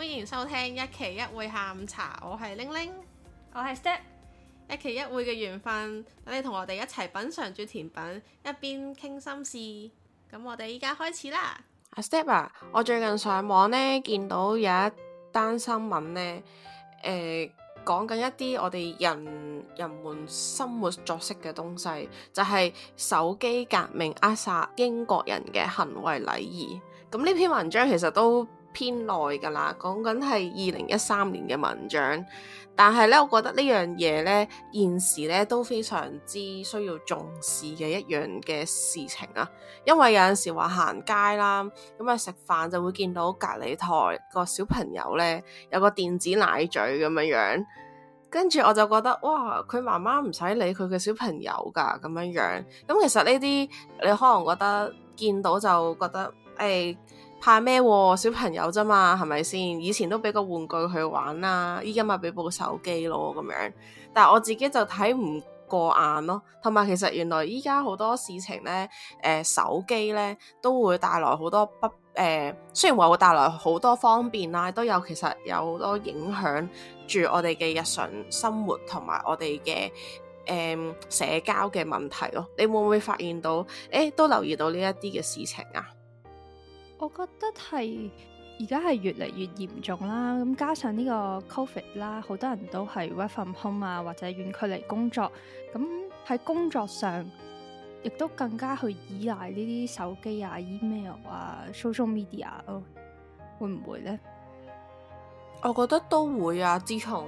歡迎收聽一期一會下午茶，我係玲玲，我係 Step，一期一會嘅緣分，等你同我哋一齊品嘗住甜品，一邊傾心事。咁我哋依家開始啦。阿 Step 啊，我最近上網呢，見到有一單新聞呢，誒、呃，講緊一啲我哋人人們生活作息嘅東西，就係、是、手機革命扼殺英國人嘅行為禮儀。咁呢篇文章其實都。偏耐㗎喇，講緊係二零一三年嘅文章，但係咧，我覺得呢樣嘢咧，現時咧都非常之需要重視嘅一樣嘅事情啊。因為有陣時話行街啦，咁啊食飯就會見到隔離台個小朋友咧，有個電子奶嘴咁樣樣，跟住我就覺得哇，佢媽媽唔使理佢嘅小朋友㗎咁樣樣。咁其實呢啲你可能覺得見到就覺得誒。欸怕咩？小朋友啫嘛，係咪先？以前都俾個玩具佢玩啊，依家咪俾部手機咯咁樣。但係我自己就睇唔過眼咯。同埋其實原來依家好多事情呢，誒、呃，手機呢都會帶來好多不誒、呃，雖然話會帶來好多方便啦，都其有其實有好多影響住我哋嘅日常生活同埋我哋嘅誒社交嘅問題咯。你會唔會發現到？誒、欸，都留意到呢一啲嘅事情啊？我覺得係而家係越嚟越嚴重啦，咁加上呢個 COVID 啦，好多人都係 work from home 啊，或者遠距離工作，咁喺工作上亦都更加去依賴呢啲手機啊、email 啊、social media 咯，會唔會呢？我覺得都會啊，自從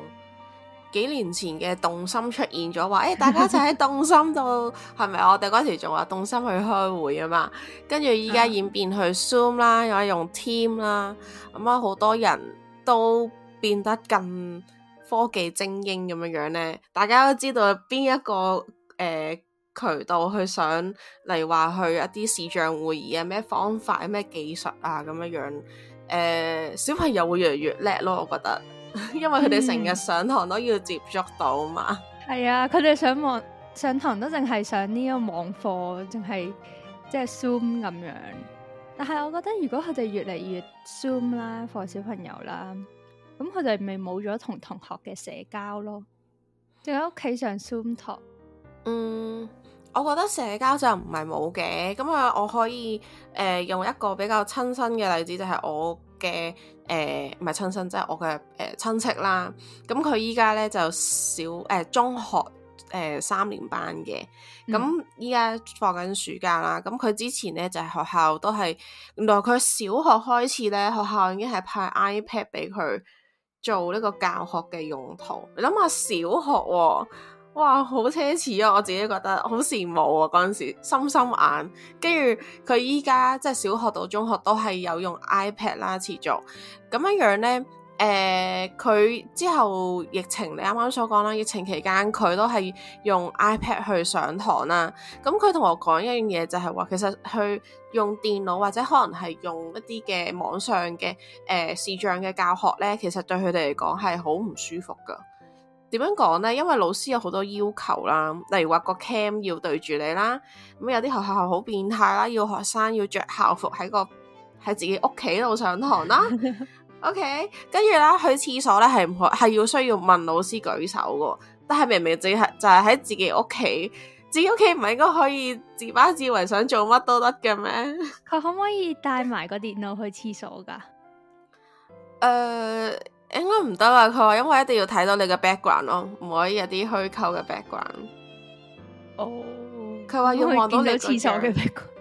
幾年前嘅動心出現咗，話誒、欸，大家一齊喺動心度，係咪 我哋嗰時仲話動心去開會啊嘛？跟住依家演變去 Zoom 啦，又係用，用 Team 啦，咁啊好多人都變得更科技精英咁樣樣咧。大家都知道邊一個誒、呃、渠道去想嚟話去一啲視像會議啊？咩方法、咩技術啊？咁樣樣誒、呃，小朋友會越嚟越叻咯，我覺得。 因為佢哋成日上堂都要接觸到嘛，係、嗯、啊，佢哋上網上堂都淨係上呢個網課，淨係即係 Zoom 咁樣。但係我覺得如果佢哋越嚟越 Zoom 啦，課小朋友啦，咁佢哋咪冇咗同同學嘅社交咯，淨喺屋企上 Zoom 課。嗯，我覺得社交就唔係冇嘅，咁啊，我可以誒、呃、用一個比較親身嘅例子，就係、是、我。嘅誒唔係親生，即係我嘅誒、呃、親戚啦。咁佢依家咧就小誒、呃、中學誒、呃、三年班嘅。咁依家放緊暑假啦。咁佢之前咧就係、是、學校都係原來佢小學開始咧，學校已經係派 iPad 俾佢做呢個教學嘅用途。你諗下小學喎、哦。哇，好奢侈啊！我自己覺得好羨慕啊，嗰陣時心心眼。跟住佢依家即係小學到中學都係有用 iPad 啦，持續咁樣樣呢，誒、呃，佢之後疫情，你啱啱所講啦，疫情期間佢都係用 iPad 去上堂啦。咁佢同我講一樣嘢就係、是、話，其實去用電腦或者可能係用一啲嘅網上嘅誒、呃、視像嘅教學呢，其實對佢哋嚟講係好唔舒服㗎。點樣講呢？因為老師有好多要求啦，例如話個 cam 要對住你啦，咁有啲學校係好變態啦，要學生要着校服喺個喺自己屋企度上堂啦。 OK，跟住咧去廁所咧係唔可係要需要問老師舉手噶，但係明明淨係就係喺自己屋企、就是，自己屋企唔係應該可以自把自為想做乜都得嘅咩？佢可唔可以帶埋個電腦去廁所噶？誒、 呃。應該唔得啦，佢話因為一定要睇到你嘅 background 咯，唔可以有啲虛構嘅 background。哦，佢話要望到你廁所嘅 background。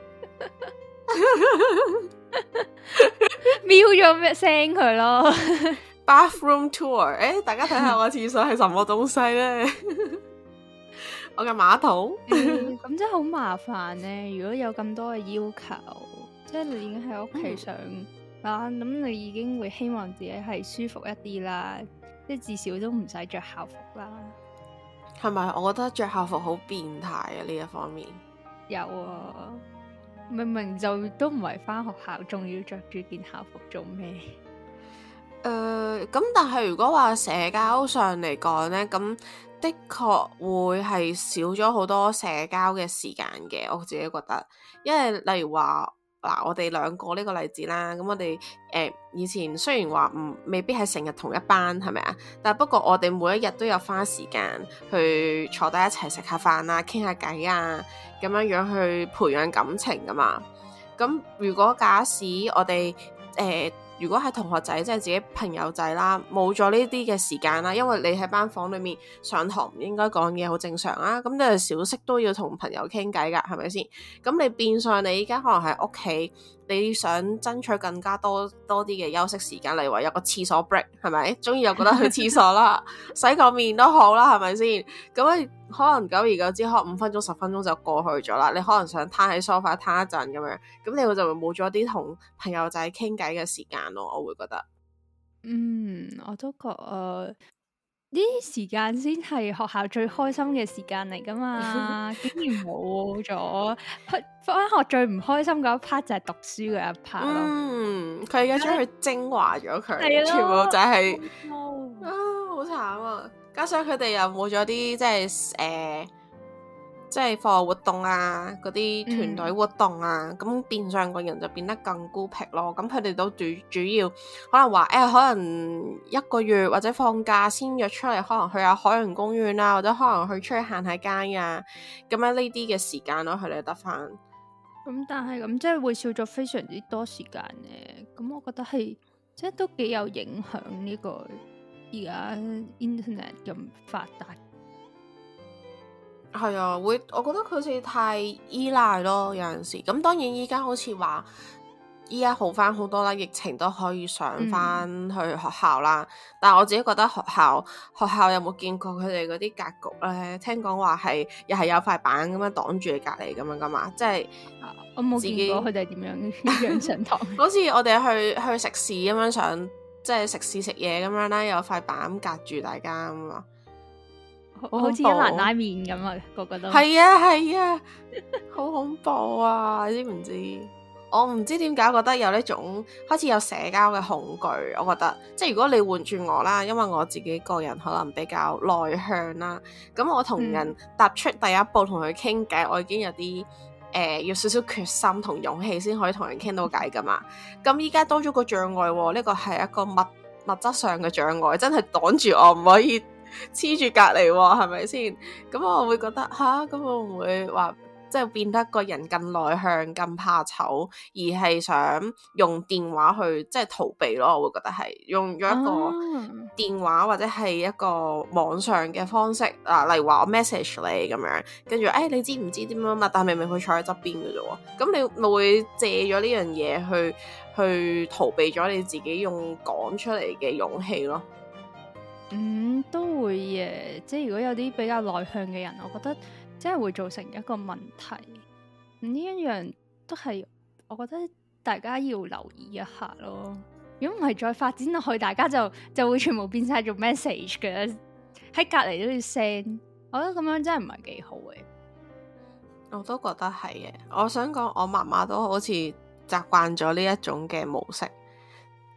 能能瞄咗咩聲佢咯 ？Bathroom tour，誒、欸，大家睇下我廁所係什麼東西咧？ 我嘅馬桶，咁、 嗯嗯、真係好麻煩咧。如果有咁多嘅要求，即係你已經喺屋企想。 啊，咁你已經會希望自己係舒服一啲啦，即係至少都唔使着校服啦。係咪？我覺得着校服好變態啊！呢一方面有啊，明明就都唔係翻學校，仲要着住件校服做咩？誒、呃，咁但係如果話社交上嚟講呢，咁的確會係少咗好多社交嘅時間嘅。我自己覺得，因為例如話。嗱、啊，我哋兩個呢個例子啦，咁、嗯、我哋誒、呃，以前雖然話唔未必係成日同一班，係咪啊？但不過我哋每一日都有花時間去坐低一齊食下飯啦，傾下偈啊，咁樣、啊、樣去培養感情噶嘛咁、嗯、如果假使我哋誒，呃如果係同學仔，即係自己朋友仔啦，冇咗呢啲嘅時間啦，因為你喺班房裏面上堂唔應該講嘢好正常啊，咁都係小息都要同朋友傾偈噶，係咪先？咁你變相你依家可能喺屋企，你想爭取更加多多啲嘅休息時間，例如話有個廁所 break，係咪？終於又覺得去廁所啦， 洗個面都好啦，係咪先？咁啊～可能久而久之，可能五分鐘、十分鐘就過去咗啦。你可能想攤喺梳化攤一陣咁樣，咁你會就冇咗啲同朋友仔傾偈嘅時間咯。我會覺得，嗯，我都覺呢啲、呃、時間先係學校最開心嘅時間嚟噶嘛，竟 然冇咗。去翻學最唔開心嗰一 part 就係讀書嘅一 part。嗯，佢而家將佢精華咗佢，是全部就係、是了好慘啊！加上佢哋又冇咗啲即係誒，即係課外活動啊，嗰啲團隊活動啊，咁、嗯、變相個人就變得更孤僻咯。咁佢哋都主主要可能話誒、欸，可能一個月或者放假先約出嚟，可能去下海洋公園啊，或者可能去出去行下街啊，咁樣呢啲嘅時間咯，佢哋得返。咁、嗯、但係咁、嗯、即係會少咗非常之多時間咧。咁、嗯、我覺得係即係都幾有影響呢、這個。而家 internet 咁發達，係啊， 會，我覺得佢好似太依賴咯，有陣時。咁當然，依家好似話，依家好翻好多啦，疫情都可以上翻去學校啦。嗯、但係我自己覺得學校，學校有冇見過佢哋嗰啲格局咧？聽講話係，又係有塊板咁樣擋住你隔籬咁樣噶嘛？即係我冇見過佢哋係點樣上堂，好似我哋去去食肆咁樣上。即係食肆食嘢咁樣啦，有塊板隔住大家咁，好似一蘭拉麵咁啊，個個都係啊係啊， 好恐怖啊！你知唔知？我唔知點解覺得有呢種開始有社交嘅恐懼，我覺得即係如果你換轉我啦，因為我自己個人可能比較內向啦，咁我同人踏出第一步同佢傾偈，嗯、我已經有啲。誒、呃，要少少決心同勇氣先可以同人傾到偈㗎嘛？咁依家多咗個障礙，哦，呢個係一個物物質上嘅障礙，真係擋住我唔可以黐住隔籬，係咪先？咁我會覺得吓，咁我唔會話。即係變得個人更內向、更怕醜，而係想用電話去即係逃避咯。我會覺得係用咗一個電話或者係一個網上嘅方式嗱、啊，例如話我 message 你咁樣，跟住誒，你知唔知點樣啊？但係明明佢坐喺側邊㗎啫喎。咁你會唔會借咗呢樣嘢去去逃避咗你自己用講出嚟嘅勇氣咯？嗯，都會嘅。即係如果有啲比較內向嘅人，我覺得。即係會造成一個問題，呢、嗯、一樣都係我覺得大家要留意一下咯。如果唔係再發展落去，大家就就會全部變晒做 message 㗎，喺隔籬都要 send。我覺得咁樣真係唔係幾好嘅。我都覺得係嘅。我想講，我媽媽都好似習慣咗呢一種嘅模式。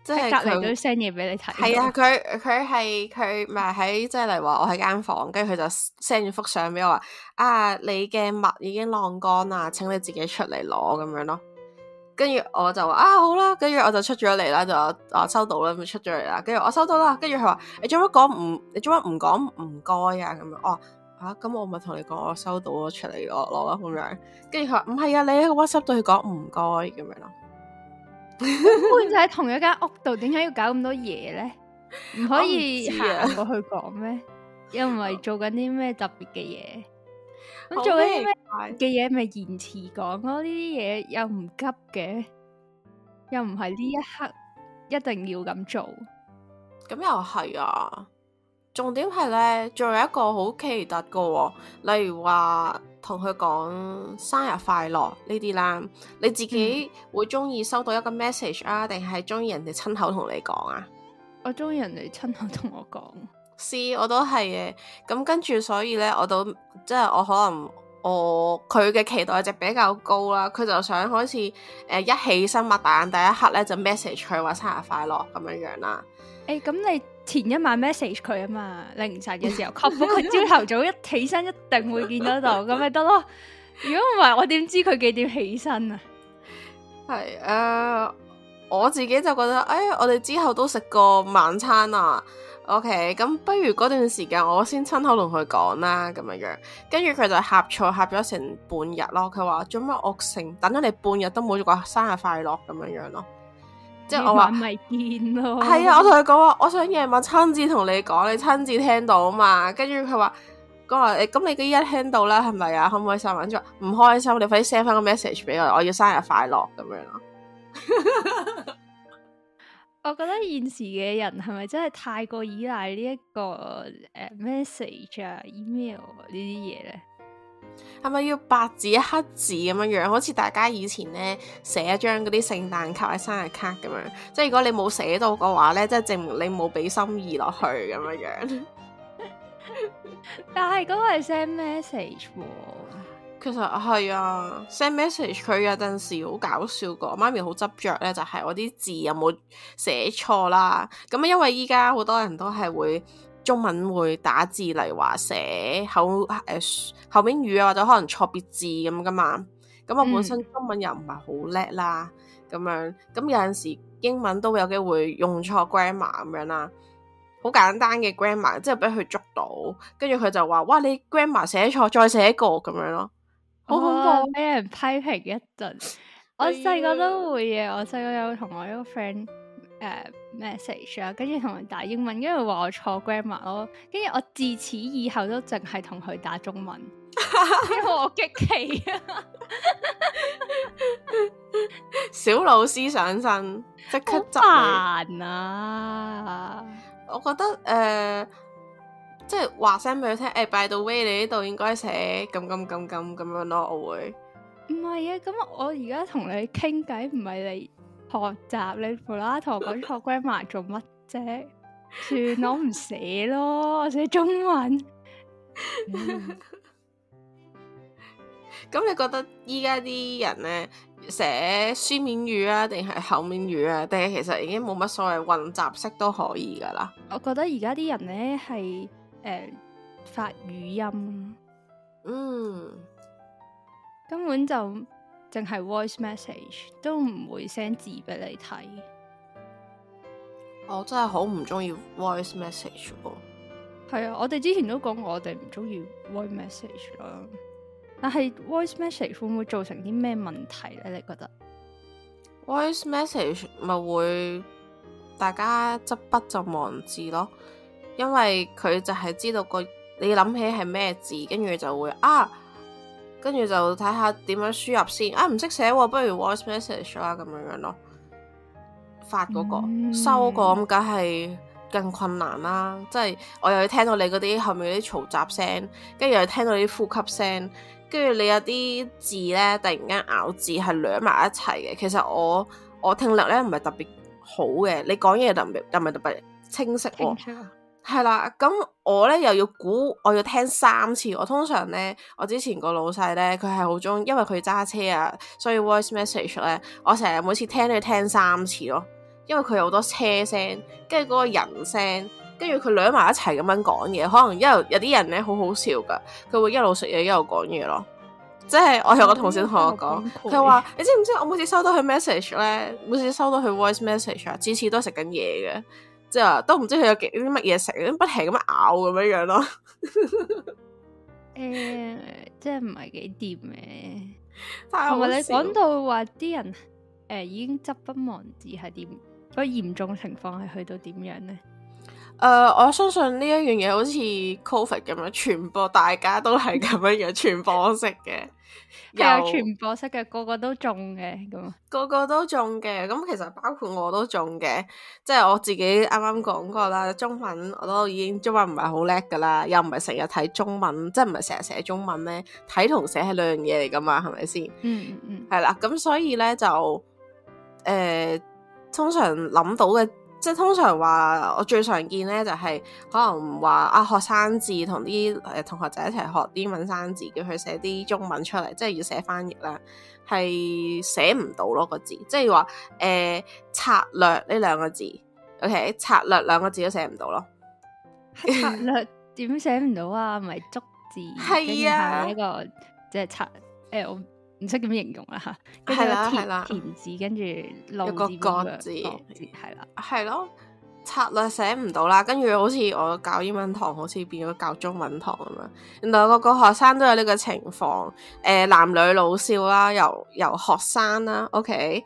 即係隔離都 send 嘢俾你睇，係啊，佢佢係佢咪喺即係，例如話我喺間房間，跟住佢就 send 咗幅相俾我話啊，你嘅襪已經晾乾啦，請你自己出嚟攞咁樣咯。跟住我就話啊好啦，跟住我就出咗嚟啦，就啊收到啦，咪出咗嚟啦。跟住我收到啦，跟住佢話你做乜講唔，你做乜唔講唔該啊咁樣哦吓，咁、啊啊啊嗯、我咪同你講我收到咗出嚟攞攞咁樣。跟住佢話唔係啊，你喺個 WhatsApp 對佢講唔該咁樣咯。 搬住喺同一間屋度，點解要搞咁多嘢咧？唔可以行，啊、過去講咩？又唔係做緊啲咩特別嘅嘢，咁做緊啲咩嘅嘢咪延遲講咯？呢啲嘢又唔急嘅，又唔係呢一刻一定要咁做。咁又係啊？重點係咧，做一個好奇特嘅、哦，例如話。同佢講生日快樂呢啲啦，你自己會中意收到一個 message 啊，定係中意人哋親口同你講啊？我中意人哋親口同我講。是我都係嘅。咁跟住所以咧，我都即係我、就是、我可能我佢嘅期待值比較高啦。佢就想好似誒一起身擘大眼第一刻咧就 message 佢話生日快樂咁樣樣啦。誒、欸，咁你？前一晚 message 佢啊嘛，凌晨嘅時候， 確保佢朝頭早一起身一定會見得到咁咪得咯。如果唔係，我點知佢幾點起身啊？係誒、呃，我自己就覺得，誒、哎，我哋之後都食過晚餐啦。OK，咁不如嗰段時間我先親口同佢講啦，咁樣樣，跟住佢就呷醋呷咗成半日咯。佢話做乜我成等咗你半日都冇咗個生日快樂咁樣樣咯。即係我話咪見咯，係啊，我同佢講話，我想夜晚親自同你講，你親自聽到啊嘛。跟住佢話，嗰個，咁你依家聽到啦，係咪啊？可唔可以收埋？即係唔開心，你快啲 send 翻個 message 俾我，我要生日快樂咁樣咯。我覺得現時嘅人係咪真係太過依賴呢、這、一個誒、呃、message 啊 email 啊呢啲嘢咧？係咪要白紙黑字咁樣樣？好似大家以前咧，寫一張嗰啲聖誕卡、生日卡咁樣，即係如果你冇寫到嘅話咧，即係證明你冇俾心意落去咁樣樣。 但係嗰個係 send message，其實係啊 send message。佢有陣時好搞笑㗎媽咪好執着咧，就係我啲字有冇寫錯啦。咁因為依家好多人都係會。中文會打字嚟話寫後誒、呃、後面語啊，或者可能錯別字咁噶嘛。咁我本身中文又唔係好叻啦，咁、嗯、樣咁有陣時英文都有機會用錯 grammar 咁樣啦。好簡單嘅 grammar，即係俾佢捉到，跟住佢就話：哇！你 grammar 寫錯，再寫一個咁樣咯。好恐怖，俾人批評一陣的。我細個都會嘅，我細個有同我一個 friend。誒、uh，message 啊、uh, uh, 跟住同人打英文，跟住話我錯 grammar 咯，跟住我自此以後都淨係同佢打中文，因為我激氣啊，小老師上身即刻執你啊！我覺得誒，uh, 即係話聲俾佢聽，誒、哎、by the way，你呢度應該寫咁咁咁咁咁樣咯，我會唔係 啊？咁我而家同你傾偈，唔係你。學習你普拉頭講學 grandma 做乜啫？算我唔寫咯，寫中文。咁、 嗯、你覺得而家啲人咧寫書面語啊，定係口面語啊？定係其實已經冇乜所謂混雜式都可以噶啦？我覺得而家啲人咧係誒發語音，嗯，根本就。淨係 voice message 都唔會 send 字俾你睇，我、oh, 真係好唔中意 voice message 喎。係啊，我哋之前都講我哋唔中意 voice message 啦。但係 voice message 會唔會造成啲咩問題咧？你覺得？voice message 咪會大家執筆就忘字咯？因為佢就係知道個你諗起係咩字，跟住就會啊。跟住就睇下點樣輸入先啊！唔識寫喎、啊，不如 voice message 啦、啊、咁樣樣咯。發嗰、嗰個、mm hmm. 收嗰個咁，梗係更困難啦、啊。即係我又要聽到你嗰啲後面嗰啲嘈雜聲，跟住又要聽到你啲呼吸聲，跟住你有啲字咧，突然間咬字係攣埋一齊嘅。其實我我聽力咧唔係特別好嘅，你講嘢特別又唔係特別清晰喎、啊。係啦，咁我咧又要估，我要聽三次。我通常咧，我之前個老細咧，佢係好中意，因為佢揸車啊，所以 voice message 咧，我成日每次聽都要聽三次咯。因為佢有好多車聲，跟住嗰個人聲，跟住佢兩埋一齊咁樣講嘢，可能一路有啲人咧好好笑噶，佢會一路食嘢一路講嘢咯。即係我有個同事同我講，佢話你知唔知？我每次收到佢 message 咧，每次收到佢 voice message 啊，次次都係食緊嘢嘅。即都唔知佢有幾啲乜嘢食，不停咁樣咬咁樣樣咯。誒、 呃，即係唔係幾掂嘅。同埋你講到話啲人誒、呃、已經執筆忘字係點？個嚴重情況係去到點樣咧？誒、呃，我相信呢一樣嘢好似 Covid 咁樣傳播，大家都係咁樣樣傳播式嘅。有傳播式嘅，個個都中嘅咁，個個都中嘅咁，其實包括我都中嘅，即係我自己啱啱講過啦，中文我都已經中文唔係好叻噶啦，又唔係成日睇中文，即係唔係成日寫中文呢？睇同寫係兩樣嘢嚟噶嘛，係咪先？嗯嗯嗯，係啦，咁所以咧就誒、呃，通常諗到嘅。即係通常話，我最常見咧就係、是、可能話啊學生字同啲誒同學仔一齊學英文生字，叫佢寫啲中文出嚟，即係要寫翻譯啦，係寫唔到咯字、呃、個字，即係話誒策略呢兩個字，OK，策略兩個字都寫唔到咯。策略點寫唔到啊？咪竹字係啊，呀一個即係、就是、策誒、哎、我。唔識點形容啦吓，係啦，田字跟住六個字，係啦，係咯，策略寫唔到啦，跟住好似我教英文堂，好似變咗教中文堂咁樣，原來個個學生都有呢個情況，誒、呃，男女老少啦，由由學生啦，OK，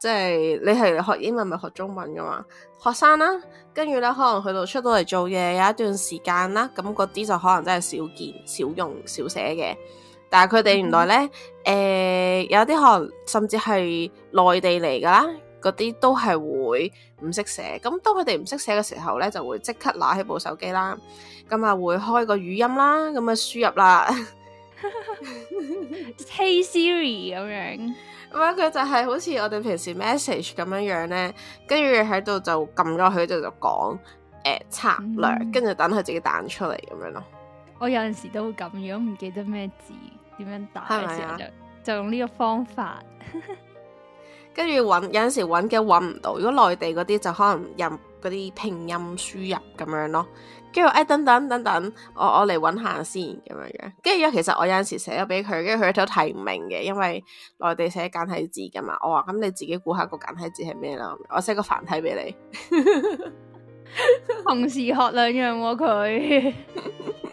即係你係學英文咪學中文噶嘛，學生啦，跟住咧可能去到出到嚟做嘢有一段時間啦，咁嗰啲就可能真係少見、少用、少寫嘅。但係佢哋原來咧，誒、嗯呃、有啲可能甚至係內地嚟噶啦，嗰啲都係會唔識寫。咁當佢哋唔識寫嘅時候咧，就會即刻拿起部手機啦，咁、嗯、啊會開個語音啦，咁啊輸入啦 ，Hey Siri 咁樣。唔係佢就係好似我哋平時 message 咁樣樣咧，跟住喺度就撳咗佢度，就講誒策略，跟住等佢自己彈出嚟咁樣咯。我有陣時都會咁樣，唔記得咩字，點樣打嘅時候就，吧就用呢個方法，跟住搵有陣時搵嘅搵唔到，如果內地嗰啲就可能任嗰啲拼音輸入咁樣咯，跟住哎等等等等，我我嚟搵下先咁樣樣，跟住因為其實我有陣時寫咗俾佢，跟住佢都睇唔明嘅，因為內地寫簡體字噶嘛，我話咁你自己估下個簡體字係咩啦，我寫個繁體俾你， 同時學兩樣喎、啊、佢。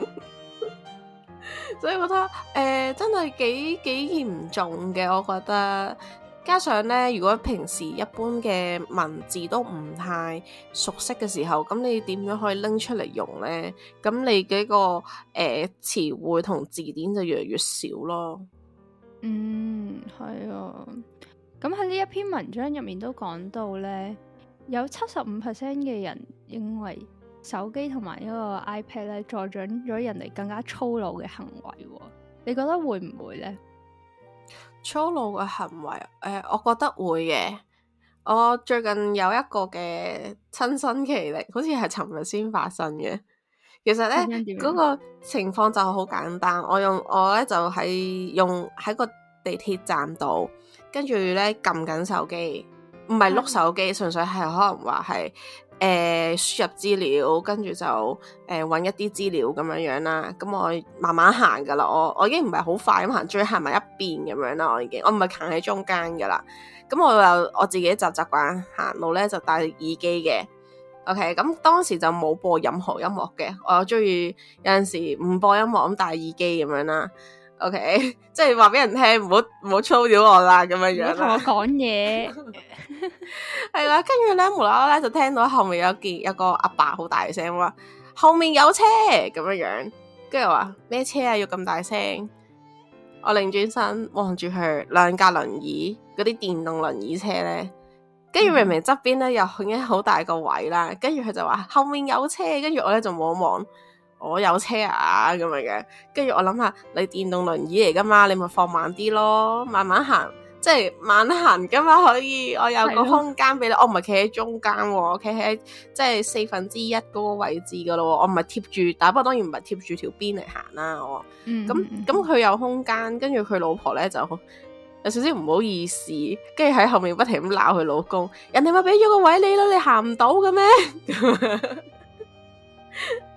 所以我覺得誒、呃、真係幾幾嚴重嘅，我覺得。加上呢，如果平時一般嘅文字都唔太熟悉嘅時候，咁你點樣可以拎出嚟用呢？咁你幾個誒、呃、詞彙同字典就越嚟越少咯。嗯，係啊。咁喺呢一篇文章入面都講到呢，有七十五 percent 嘅人認為，手機同埋呢個 iPad 咧，助長咗人哋更加粗魯嘅行為喎。你覺得會唔會呢？粗魯嘅行為，誒、呃，我覺得會嘅。我最近有一個嘅親身經歷，好似係尋日先發生嘅。其實呢，嗰個情況就好簡單。我用我咧就係用喺個地鐵站度，跟住咧撳緊手機，唔係碌手機，純粹係可能話係。誒、呃、輸入資料，跟住就誒揾、呃、一啲資料咁樣樣啦。咁我慢慢行㗎喇，我我已經唔係好快咁行，最行埋一邊咁樣啦。我已經我唔係行喺中間㗎喇。咁我又我自己習習慣行路咧，就戴耳機嘅。OK，咁當時就冇播任何音樂嘅。我又中意有陣時唔播音樂咁戴耳機咁樣啦。O、okay, K，即係話俾人聽，唔好唔好騷擾我啦，咁樣樣同我講嘢，係啦。跟住咧，無啦啦就聽到後面有件有個阿爸好大聲話後面有車咁樣樣，跟住話咩車啊？要咁大聲？我擰轉身望住佢兩架輪椅嗰啲電動輪椅車咧，跟住明明側邊咧又已經好大個位啦。跟住佢就話後面有車，跟住我咧、啊、就望望。我有車啊，咁樣嘅，跟住我諗下，你電動輪椅嚟噶嘛，你咪放慢啲咯，慢慢行，即係慢行噶嘛，可以，我有個空間俾你，的我唔係企喺中間喎，我企喺即係四分之一嗰個位置噶咯，我唔係貼住，但不過當然唔係貼住條邊嚟行啦，我，咁咁佢有空間，跟住佢老婆咧就，有少少唔好意思，跟住喺後面不停咁鬧佢老公，人哋咪俾咗個位你咯，你行唔到嘅咩？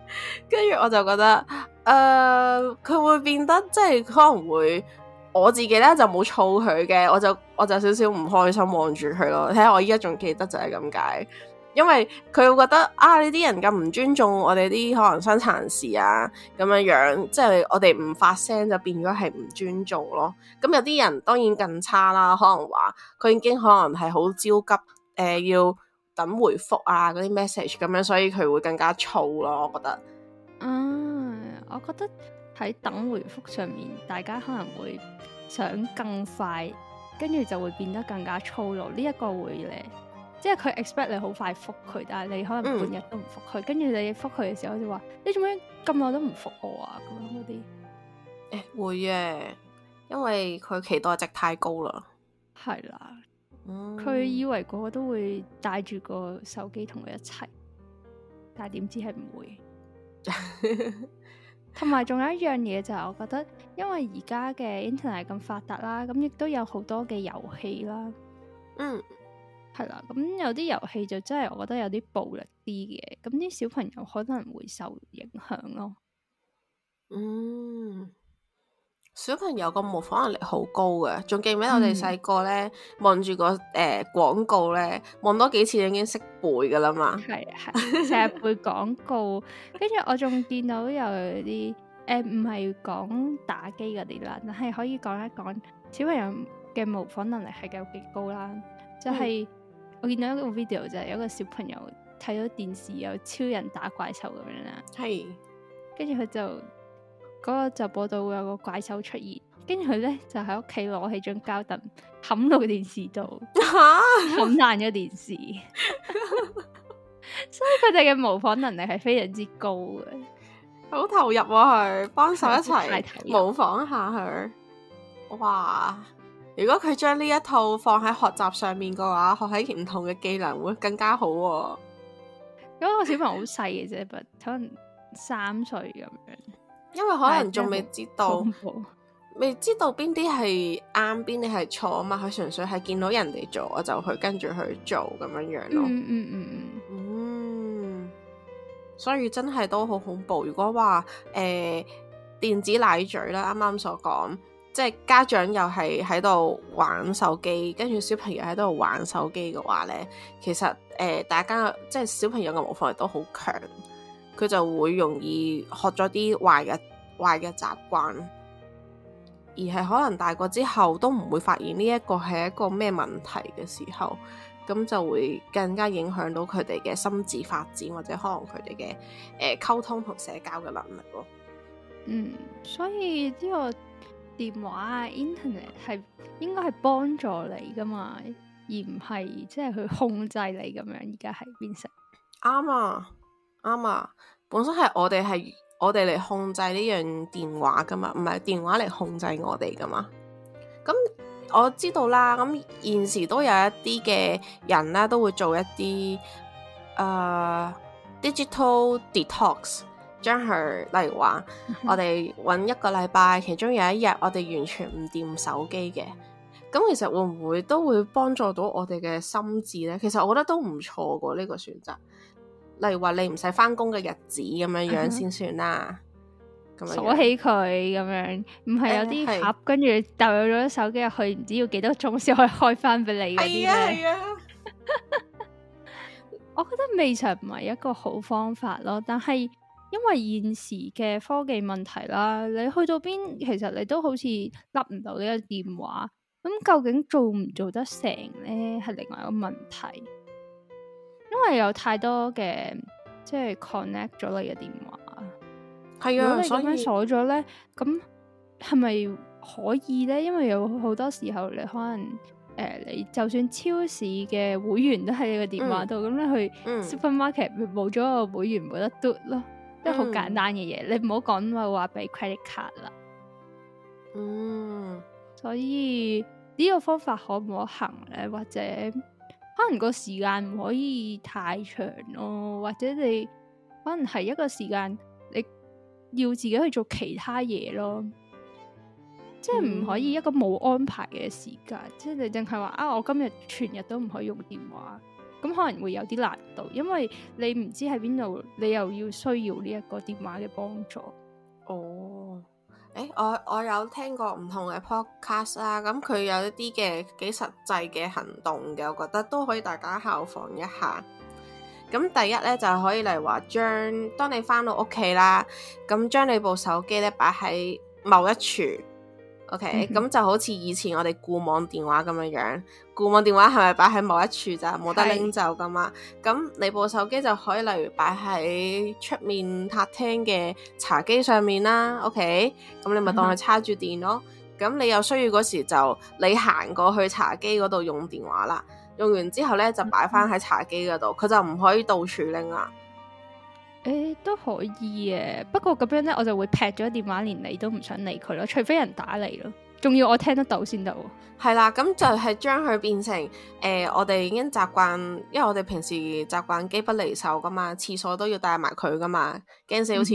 跟住我就覺得，誒、呃、佢會變得即係可能會我自己咧就冇躁佢嘅，我就我就少少唔開心望住佢咯。睇下我依家仲記得就係咁解，因為佢會覺得啊，呢啲人咁唔尊重我哋啲可能生產事啊咁樣樣，即係我哋唔發聲就變咗係唔尊重咯。咁有啲人當然更差啦，可能話佢已經可能係好焦急誒、呃，要等回覆啊嗰啲 message 咁樣，所以佢會更加燥咯。我覺得。唉、啊，我覺得喺等回覆上面，大家可能會想更快，跟住就會變得更加粗魯。呢、這、一個會咧，即係佢 expect 你好快覆佢，但係你可能半日都唔覆佢，跟住，嗯、你覆佢嘅時候就話：你做咩咁耐都唔覆我啊？咁樣嗰啲誒會嘅，因為佢期待值太高啦。係啦，嗯，佢以為個個都會帶住個手機同佢一齊，但係點知係唔會。同埋仲有一樣嘢就係，我覺得因為而家嘅 internet 咁發達啦，咁亦都有好多嘅遊戲啦，嗯，係啦，咁有啲遊戲就真係我覺得有啲暴力啲嘅，咁啲小朋友可能會受影響咯，嗯。小朋友個模仿能力好高噶，仲記唔記得我哋細、嗯、個咧望住個誒廣告咧，望多幾次已經識背噶啦嘛。係係，成日背廣告。跟住 我仲見到有啲誒，唔係講打機嗰啲啦，係可以講一講小朋友嘅模仿能力係有幾高啦。就係、是嗯、我見到一個 video 就係有個小朋友睇到電視有超人打怪獸咁樣啦，係的，跟住佢就。嗰個就播到會有個怪獸出現，跟住佢咧就喺屋企攞起張膠凳，冚到電視度，冚爛咗電視。 所以佢哋嘅模仿能力係非常之高嘅，好投入啊！佢幫手一齊模仿一下佢。哇！如果佢將呢一套放喺學習上面嘅話，學喺唔同嘅技能會更加好啊。嗰個小朋友好細嘅啫，不可能三歲咁樣。因為可能仲未知道，未 知道邊啲係啱，邊啲係錯啊嘛。佢純粹係見到人哋做，我就去跟住去做咁樣樣咯。嗯嗯嗯嗯，所以真係都好恐怖。如果話誒、呃、電子奶嘴啦，啱啱所講，即係家長又係喺度玩手機，跟住小朋友喺度玩手機嘅話咧，其實誒、呃、大家即係小朋友嘅模仿力都好強。佢就會容易學咗啲壞嘅壞嘅習慣，而係可能大個之後都唔會發現呢一個係一個咩問題嘅時候，咁就會更加影響到佢哋嘅心智發展，或者可能佢哋嘅誒溝通同社交嘅能力咯。嗯，所以呢個電話啊、internet 係應該係幫助你噶嘛，而唔係即係去控制你咁樣。而家係邊成啱啊？Vincent。啱啊，本身係我哋係我哋嚟控制呢樣電話噶嘛，唔係電話嚟控制我哋噶嘛。咁我知道啦，咁現時都有一啲嘅人咧，都會做一啲誒、呃、digital detox，將佢例如話 我哋揾一個禮拜，其中有一日我哋完全唔掂手機嘅。咁其實會唔會都會幫助到我哋嘅心智呢？其實我覺得都唔錯喎，呢、呢個選擇。例如話你唔使返工嘅日子咁樣子，uh huh. 樣先算啦，鎖起佢咁樣，唔係有啲盒跟住帶咗手機入去，唔知要幾多鐘先可以開返俾你嗰啲咧。Uh huh. 我覺得未嘗唔係一個好方法咯，但係因為現時嘅科技問題啦，你去到邊其實你都好似甩唔到呢個電話，咁究竟做唔做得成咧，係另外一個問題。因為有太多嘅即係 connect 咗你嘅電話，係啊的。如果你咁樣鎖咗咧，咁係咪可以咧？因為有好多時候你可能誒、呃，你就算超市嘅會員都喺你個電話度，咁、嗯、你去 supermarket 冇咗個、嗯、會員，冇得嘟 o 咯，即係好簡單嘅嘢，你唔好講話俾 credit card 啦。嗯，嗯，所以呢、這個方法可唔可行咧？或者？可能個時間唔可以太長咯，或者你可能係一個時間你要自己去做其他嘢咯，即係唔可以一個冇安排嘅時間，嗯、即係你淨係話啊，我今日全日都唔可以用電話，咁可能會有啲難度，因為你唔知喺邊度，你又要需要呢一個電話嘅幫助。哦。誒、欸，我我有聽過唔同嘅 podcast 啦，咁佢有一啲嘅幾實際嘅行動嘅，我覺得都可以大家效仿一下。咁第一咧，就可以嚟話將當你返到屋企啦，咁將你部手機咧擺喺某一處，OK，咁、嗯、哼就好似以前我哋固網電話咁樣樣，固網電話係咪擺喺某一處就冇是得拎走噶嘛？咁你部手機就可以，例如擺喺出面客廳嘅茶幾上面啦。OK，咁你咪當佢叉住電咯。咁、嗯、哼你有需要嗰時就你行過去茶几嗰度用電話啦。用完之後咧就擺翻喺茶几嗰度，佢、嗯、哼就唔可以到處拎啦。誒、欸、都可以嘅，不過咁樣咧，我就會劈咗電話，連你都唔想理佢咯，除非人打你咯，仲要我聽得到先得。係啦，咁就係將佢變成誒、呃，我哋已經習慣，因為我哋平時習慣機不離手噶嘛，廁所都要帶埋佢噶嘛，驚死好似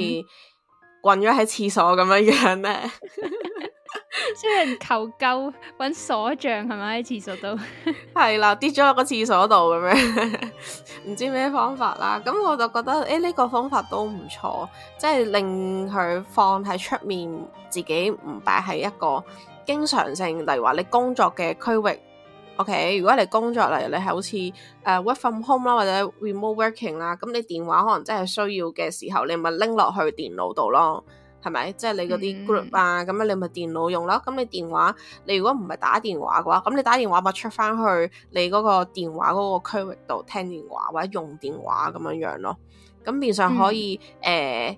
滾咗喺廁所咁樣樣咧。嗯哼 即係 求救，揾鎖匠係咪喺廁所度？係啦，跌咗落個廁所度咁樣，唔知咩方法啦。咁我就覺得，誒、欸、呢、這個方法都唔錯，即係令佢放喺出面，自己唔擺喺一個經常性，例如話你工作嘅區域。OK，如果你工作嚟，例如你係好似誒、uh, work from home 啦，或者 remote working 啦，咁你電話可能真係需要嘅時候，你咪拎落去電腦度咯。係咪？即係你嗰啲 group 啊，咁樣你咪電腦用咯。咁你電話，你如果唔係打電話嘅話，咁你打電話咪出翻去你嗰個電話嗰個區域度聽電話或者用電話咁樣樣咯。咁變相可以誒，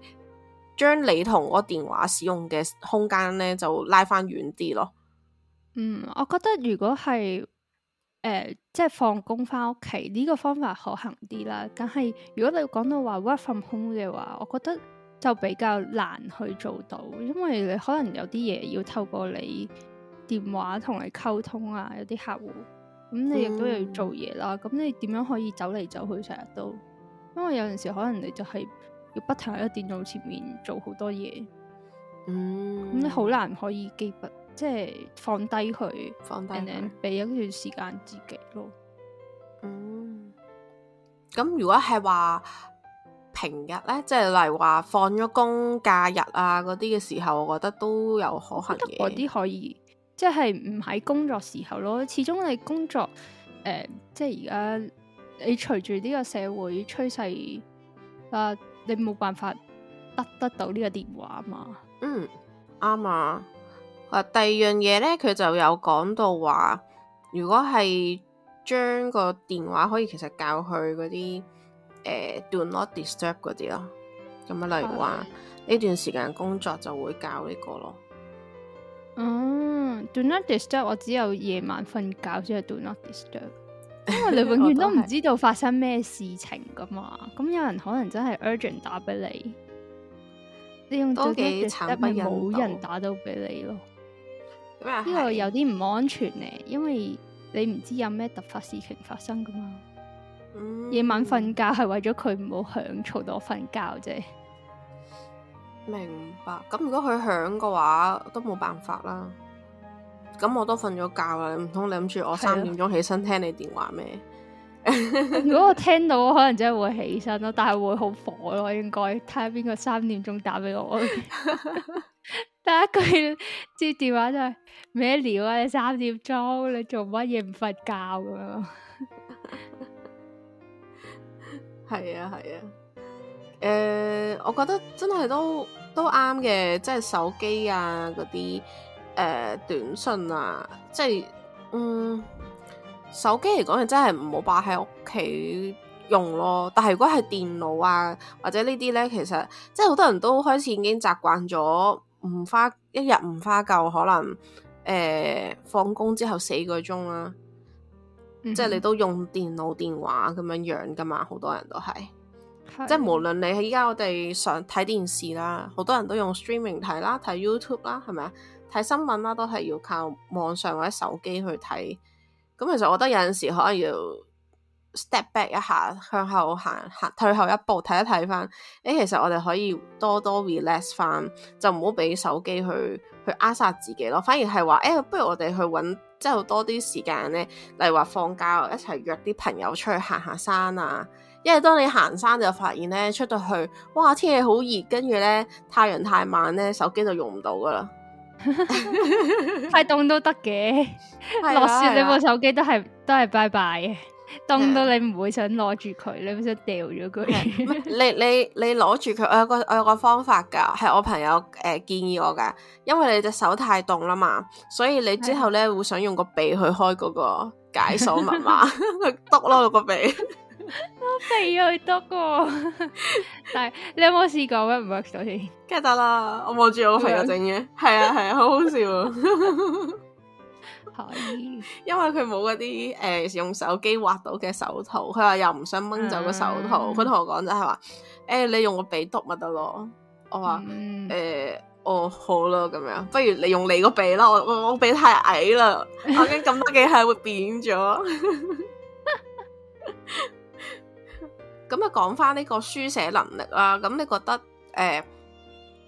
將、嗯呃、你同嗰個電話使用嘅空間咧就拉翻遠啲咯。嗯，我覺得如果係誒、呃、即係放工翻屋企呢個方法可行啲啦。但係如果你講到話 work from home 嘅話，我覺得。就比較難去做到，因為你可能有啲嘢要透過你電話同你溝通啊，有啲客戶，咁你亦都要做嘢啦。咁、嗯、你點樣可以走嚟走去成日都？因為有陣時可能你就係要不停喺電腦前面做好多嘢，嗯，咁你好難可以基本即係放低佢，放低俾一段時間自己咯。咁、嗯、如果係話。平日咧，即係例如話放咗工、假日啊嗰啲嘅時候，我覺得都有可行嘅。嗰啲可以，即係唔喺工作時候咯。始終你工作誒、呃，即係而家你隨住呢個社會趨勢啊，你冇辦法得得到呢個電話嘛。嗯，啱啊。啊，第二樣嘢咧，佢就有講到話，如果係將個電話可以其實教佢嗰啲。誒、uh,，do not disturb 嗰啲咯，咁 啊，例如話呢 段時間工作就會教呢個咯。嗯、啊、do not disturb，我只有夜晚瞓覺先係 do not disturb，因為你永遠都唔知道發生咩事情噶嘛。咁 是有人可能真係 urgent 打俾你，你用都 多啲 not 係冇人打到俾你咯。呢、啊、個有啲唔安全咧，因為你唔知有咩突發事情發生噶嘛。夜、嗯、晚瞓覺係為咗佢唔好響吵到我瞓覺啫。明白。咁如果佢響嘅話，都冇辦法啦。咁我都瞓咗覺啦，唔通你諗住我三點鐘起身聽你電話咩？的 如果我聽到，可能真係會起身咯，但係會好火咯，應該。睇下邊個三點鐘打俾我，第一句接電話就係咩料啊？你三點鐘你做乜嘢唔瞓覺咁啊？係啊係啊，誒、啊呃，我覺得真係都都啱嘅，即係手機啊嗰啲誒短信啊，即係嗯，手機嚟講，係真係唔好擺喺屋企用咯。但係如果係電腦啊或者呢啲咧，其實即係好多人都開始已經習慣咗唔花一日唔花夠，可能誒放工之後四個鐘啦、啊。嗯、即係你都用電腦、電話咁樣樣噶嘛，好多人都係。是即係無論你係依家我哋上睇電視啦，好多人都用 streaming 睇啦，睇 YouTube 啦，係咪啊？睇新聞啦，都係要靠網上或者手機去睇。咁、嗯、其實我覺得有陣時可能要 step back 一下，向後行行退後一步，睇一睇翻。誒，其實我哋可以多多 relax 翻，就唔好俾手機去去扼殺自己咯。反而係話，誒，不如我哋去揾。即係好多啲時間咧，例如話放假一齊約啲朋友出去行下山啊！因為當你行山就發現咧，出到去哇天氣好熱，跟住咧太陽太猛咧，手機就用唔到噶啦 太凍都得嘅，落雪你部手機都係的都係拜拜嘅。凍到你唔會想攞住佢，你會想掉咗佢 。你你你攞住佢，我有個我有個方法噶，係我朋友誒、呃、建議我嘅，因為你隻手太凍啦嘛，所以你之後咧、欸、會想用個鼻， 個鼻去開嗰個解鎖密碼去篤咯，個鼻、啊。用鼻去篤個，但係你有冇試過？Works 到先，梗係得啦。我望住我朋友整嘢，係啊係啊，好、啊、好笑、啊。 可以，因為佢冇嗰啲誒，用手機畫到嘅手套。佢話又唔想掹走個手套。佢同、啊、我講就係話誒，你用個鼻讀咪得咯。我話誒、嗯欸，哦好啦，咁樣不如你用你個鼻啦。我我我鼻太矮啦， 我驚咁多幾下會扁咗。咁啊，講翻呢個書寫能力啦。咁你覺得誒、呃、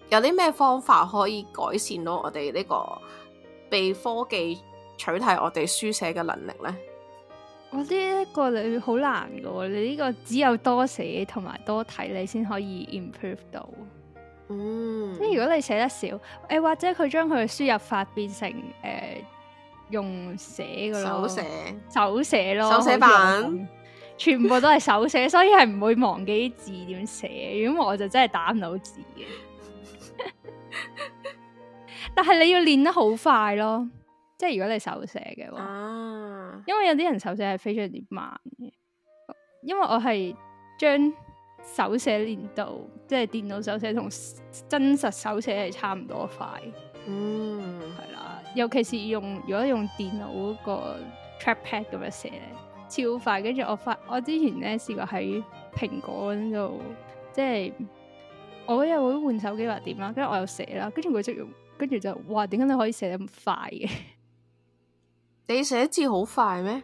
有啲咩方法可以改善到我哋呢個被科技？取替我哋書寫嘅能力咧，我呢一個你好難噶，你呢個只有多寫同埋多睇你先可以 improve 到。嗯，即如果你寫得少，誒、欸、或者佢將佢嘅輸入法變成誒、呃、用寫嘅咯，手寫寫手寫咯，手寫版，全部都係手寫， 所以係唔會忘記啲字點寫。如果我就真係打唔到字嘅， 但係你要練得好快咯。即係如果你手寫嘅話，啊、因為有啲人手寫係非常之慢嘅，因為我係將手寫練到，即係電腦手寫同真實手寫係差唔多快。嗯，係啦，尤其是用如果用電腦嗰個 trackpad 咁樣寫咧，超快。跟住我發我之前咧試過喺蘋果嗰度，即係我又會換手機或者點啦，跟住我又寫啦，跟住佢即用，跟住就哇，點解你可以寫得咁快嘅？你寫字好快咩？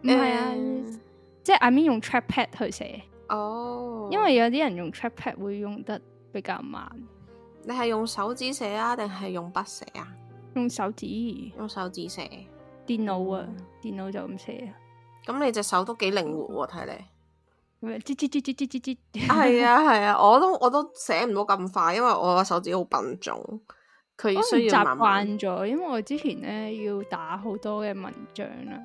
唔係啊，嗯、即係 I mean 用 trackpad 去寫。哦，oh，因為有啲人用 trackpad 會用得比較慢。你係用手指寫啊，定係用筆寫啊？用手指，用手指寫。電腦啊，電腦就唔寫。咁、嗯、你隻手都幾靈活喎、啊，睇嚟。咁係 啊係啊，啊，我都我都寫唔到咁快，因為我手指好笨重。可能習慣咗，因為我之前咧要打好多嘅文章啦，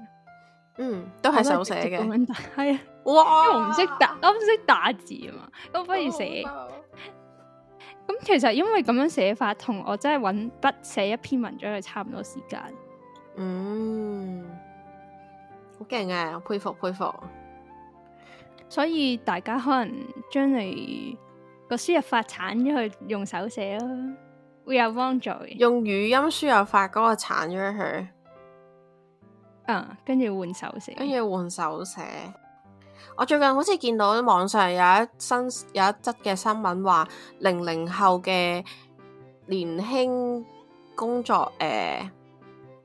嗯，都係手寫嘅，係 哇，我唔識打，我唔識打字啊嘛，咁不如寫。咁 其實因為咁樣寫法，同我真係搵筆寫一篇文章係差唔多時間，嗯，好勁嘅。佩服佩服。所以大家可能將嚟個輸入法鏟咗去用手寫咯。會有 w r 用語音輸入法嗰個鏟咗佢。嗯，跟住換手寫，跟住換手寫。我最近好似見到網上有一新有一則嘅新聞，話零零後嘅年輕工作誒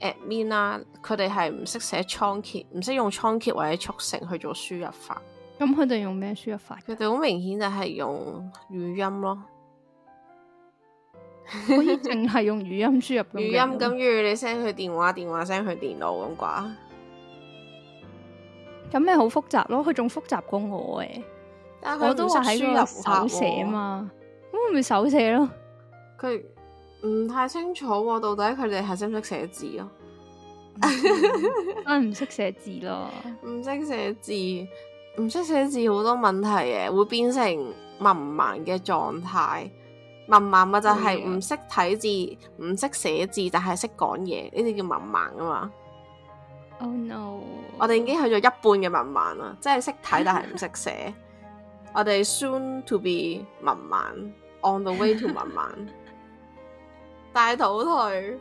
admin 啦，佢哋係唔識寫倉頡，唔識用倉頡或者速成去做輸入法。咁佢哋用咩輸入法？佢哋好明顯就係用語音咯。可以淨係用語音輸入，語音咁，如你 send 佢電話，電話 send 佢電腦咁啩？咁咪好複雜咯，佢仲複雜過我誒！但我都話輸入手寫嘛，咁咪手寫咯？佢唔太清楚，到底佢哋係識唔識寫字咯？我唔識寫字咯？唔識寫字，唔識寫字好多問題嘅，會變成文盲嘅狀態。文盲咪就係唔識睇字，唔識寫字，但係識講嘢，呢啲叫文盲啊嘛。Oh no！我哋已經去咗一半嘅文盲啦，即係識睇但係唔識寫。 我哋 soon to be 文盲，on the way to 文盲， 大淘汰。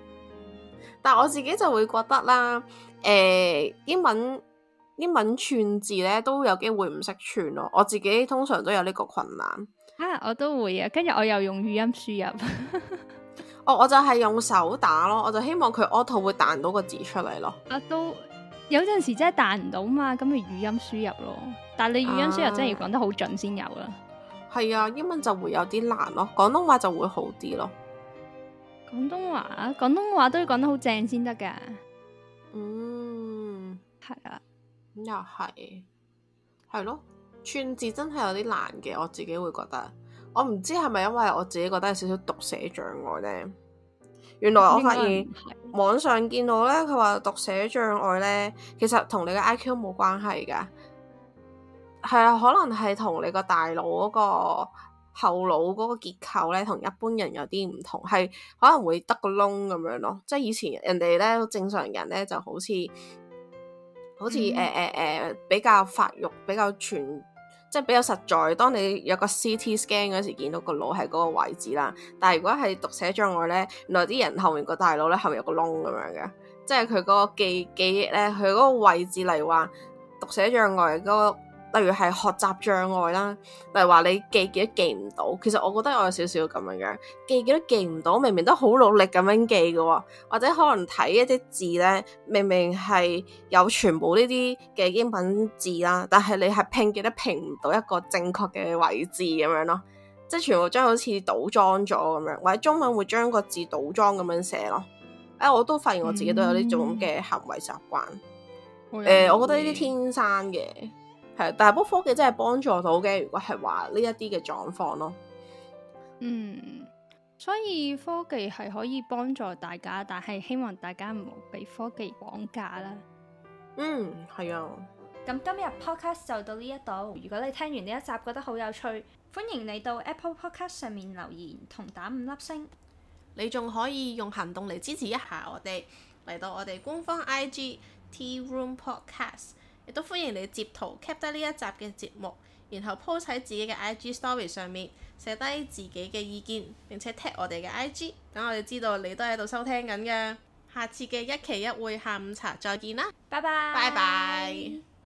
但我自己就會覺得啦，誒、呃，英文英文串字咧都有機會唔識串咯。我自己通常都有呢個困難。啊！我都會啊，跟住我又用語音輸入，我 、哦、我就係用手打咯，我就希望佢 auto 會彈到個字出嚟咯。啊，都有陣時真係彈唔到嘛，咁咪語音輸入咯。但係你語音輸入真係要講得好準先有啦。係啊，啊，英文就會有啲難咯，廣東話就會好啲咯。廣東話，廣東話都要講得好正先得噶。嗯，係啊，咁又係，係咯。串字真係有啲難嘅，我自己會覺得，我唔知係咪因為我自己覺得有少少讀寫障礙呢？原來我發現網上見到咧，佢話讀寫障礙咧，其實同你嘅 IQ 冇關係噶係啊，可能係同你個大腦嗰個後腦嗰個結構咧，同一般人有啲唔同，係可能會得個窿咁樣咯。即係以前人哋咧，正常人咧就好似好似誒誒誒，比較發育比較全。即係比較實在，當你有個 CT scan 嗰時，見到個腦喺嗰個位置啦。但係如果係讀寫障礙咧，原來啲人後面個大腦咧，後面有個窿咁樣嘅，即係佢嗰個記記憶咧，佢嗰個位置嚟話讀寫障礙嗰、那個。例如係學習障礙啦，例如話你記記都記唔到，其實我覺得我有少少咁樣樣，記記都記唔到，明明都好努力咁樣記嘅喎、哦，或者可能睇一啲字咧，明明係有全部呢啲嘅英文字啦，但係你係拼記都拼唔到一個正確嘅位置咁樣咯，即係全部將好似倒裝咗咁樣，或者中文會將個字倒裝咁樣寫咯。誒、哎，我都發現我自己都有呢種嘅行為習慣，誒、嗯，呃、我覺得呢啲天生嘅。係，但波科技真係幫助到嘅，如果係話呢一啲嘅狀況咯。嗯，所以科技係可以幫助大家，但係希望大家唔好俾科技綁架啦。嗯，係啊。咁今日 podcast 就到呢一度，如果你聽完呢一集覺得好有趣，歡迎你到 Apple Podcast 上面留言同打五粒星。你仲可以用行動嚟支持一下我哋，嚟到我哋官方 IG Tea Room Podcast。都歡迎你截圖 keep 得呢一集嘅節目，然後 po 喺自己嘅 IG story 上面，寫低自己嘅意見，並且 tag 我哋嘅 IG，等我哋知道你都喺度收聽緊嘅。下次嘅一期一會下午茶，再見啦，拜拜，拜拜。